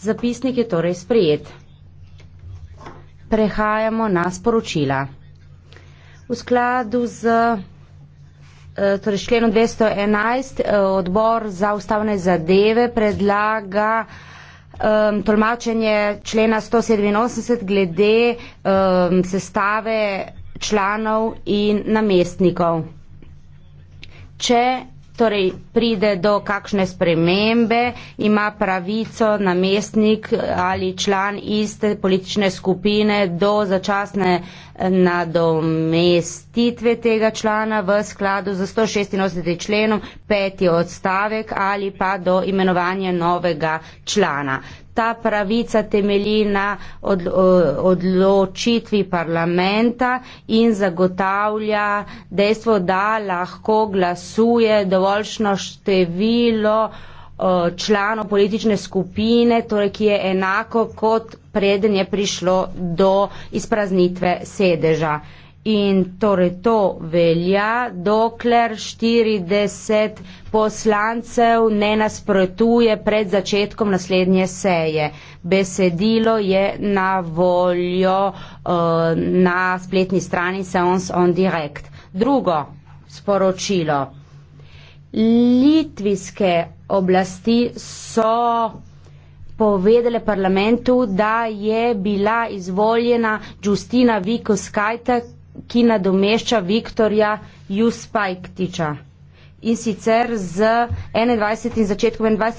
Zapisnik je torej sprejet. Prehajamo na sporočila. V skladu z eh, torej členom 211 eh, odbor za ustavne zadeve predlaga um, tolmačenje člena 187 glede um, sestave članov in namestnikov. Če torej pride do kakšne spremembe, ima pravico namestnik ali član iste politične skupine do začasne eh, nadomestitve tega člana v skladu z 186. členom peti odstavek ali pa do imenovanja novega člana ta pravica temelji na od, odločitvi parlamenta in zagotavlja dejstvo, da lahko glasuje dovoljšno število članov politične skupine, torej ki je enako kot preden je prišlo do izpraznitve sedeža in torej to velja, dokler 40 poslancev ne nasprotuje pred začetkom naslednje seje. Besedilo je na voljo uh, na spletni strani Seance on Direct. Drugo sporočilo. Litvijske oblasti so povedale parlamentu, da je bila izvoljena Justina Vikoskajta, ki nadomešča Viktorja Juspajktiča. In sicer z 21. začetkom 21.